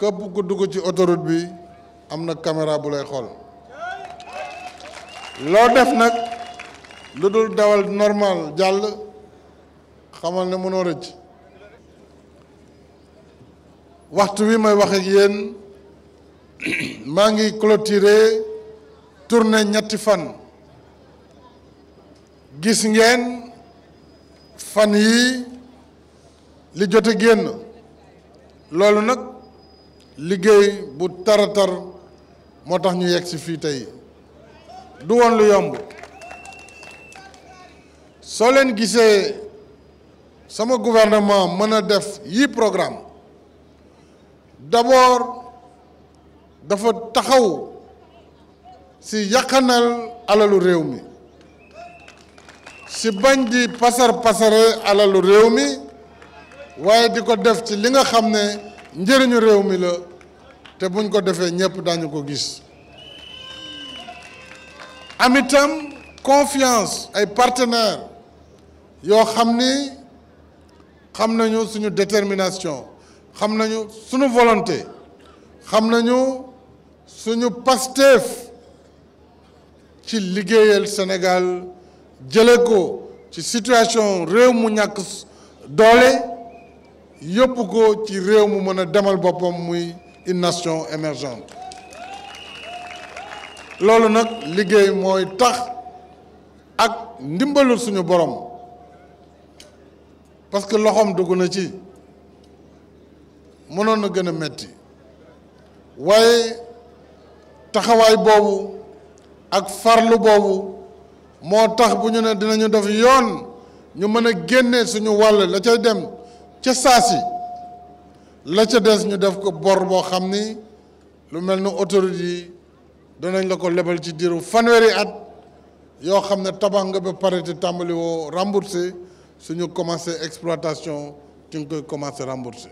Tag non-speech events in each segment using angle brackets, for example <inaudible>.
képp ku dugg ci autoroute bi am na caméra bu lay xool loo def nag lu dul dawal normal jàll xamal ne mënoo rëcc waxtu wi may wax ak yéen <clears throat> maa ngi clôturer tournée ñetti fan gis ngeen fan yi li jot génn loolu nag liggéey bu taratar moo tax ñu yegg si fii tey du woon lu yomb soo leen gisee sama gouvernement mën a def yi programme d'abord dafa taxaw si yàqanal alalu réew mi si bañ di pasar pasare alalu réew mi waaye di ko def ci li nga xam ne njëriñu réew mi la te buñ ko defee ñëpp dañu ko gis am confiance ay partenaires Yo xam ni xam nañu suñu détermination xam nañu suñu volonté xam nañu suñu pasteef ci liggéeyal Sénégal jële ko ci situation réew mu ñàkk doole yóbbu ko ci réew mu mën a demal muy une nation émergente loolu nag liggéey mooy tax ak ndimbalul suñu boroom parce que loxoom dugg na ci mënoon na gën a metti waaye taxawaay boobu ak farlu boobu moo tax bu ñu ne dinañu def yoon ñu mën a génne suñu wàll la cay dem ca saa saasi la ca des ñu def ko bor boo xam ni lu mel ni autorité yi danañ la ko lebal ci diiru fanweeri at yoo xam ne tabax nga ba pare te tàmbali woo remboursé suñu commencé exploitation ci nga koy commencé remboursé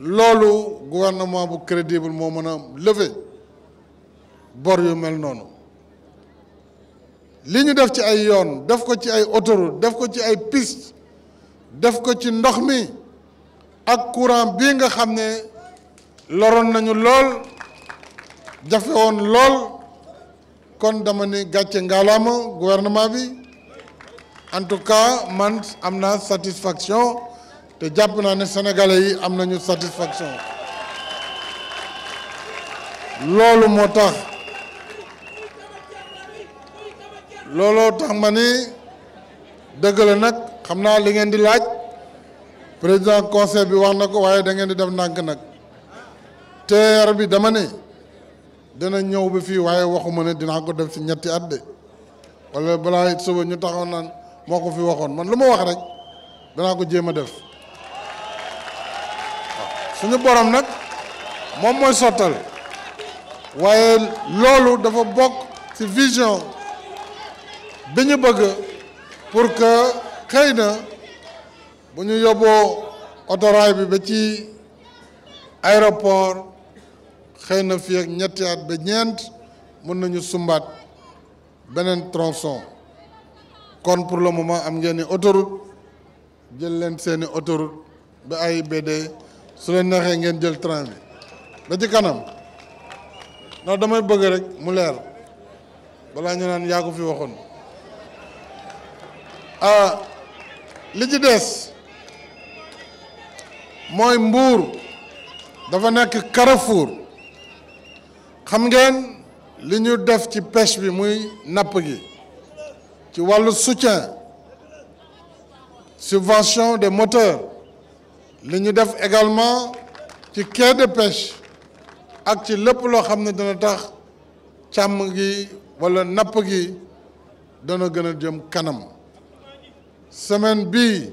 loolu gouvernement bu crédible moo mën a lever bor yu mel noonu li ñu def ci ay yoon def ko ci ay autoroute def ko ci ay piste def ko ci ndox mi ak courant bii nga xam ne loroon nañu lool jafe woon lool kon dama ne gàcce ngaalaama gouvernement bi en tout cas man am na satisfaction te jàpp naa ne sénégalais yi am nañu satisfaction loolu moo tax looloo tax ma ni dëgg la nag xam naa li ngeen di laaj président conseil bi wax nako waye da ngeen di def ndànk nag TER bi dama né dana ñëw ba fi waye waxuma né dina ko def ci ñetti at dé wala bala suba ñu taxaw naan moko fi waxon man luma wax rek dana ko jéem def suñu borom nak mom moy sotal waye lolu dafa bok ci vision biñu bëgg pour que xeyna buñu yobbo yóbboo autorail bi ba ci aéroport xeyna fi ak ñetti at ba ñent mën nañu sumbat benen tronçon kon pour le moment am ngeen ni autoroute jël leen seeni autoroute ba ay bd su leen naxé ngeen jël train bi ba ci kanam no damay bëgg rek mu leer bala ñu naan yaa ko fi waxoon ah li ci des. moy mbour dafa nek carrefour xam ngeen li ñu def ci pêche bi muy napp gi ci walu soutien subvention des moteurs li ñu def également ci quai de pêche ak ci lépp loo xam ne dana tax càmm gi wala napp gi dana gën jëm kanam semaine bii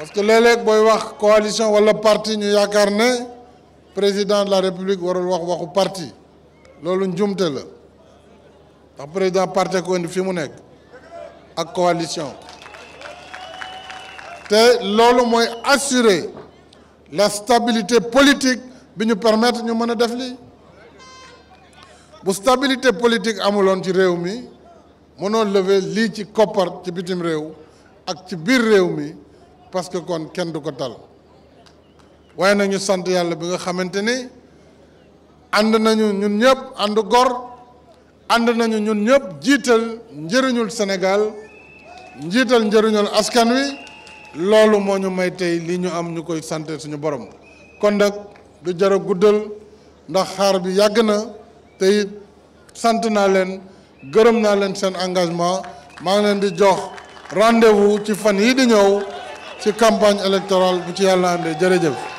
parce que léeg-léeg booy wax coalition wala parti ñu yaakaar ne président de la république warul wax waxu parti loolu njumte la ndax président parti ko indi fi mu nekk ak coalition te loolu mooy assurer la stabilité politique bi ñu permettre ñu mën a def lii bu stabilité politique amuloon ci réew mi mënoo lever lii ci koppar ci bitim réew ak ci biir réew mi parce que kon kenn duko dal way nañu sante yalla bi nga xamanteni and nañu ñun ñëpp and gor and nañu ñun ñëpp jital njëriñul senegal njiital njëriñul askan wi lolu moñu may tay li ñu am ñukoy sante suñu borom kon nak du jara guddal ndax xaar bi yag na tay sante na len leen na len sen engagement ma ngi len di jox rendez-vous ci fan yi di ñëw ci campagne électorale bu ci yàlla àndee jërëjëf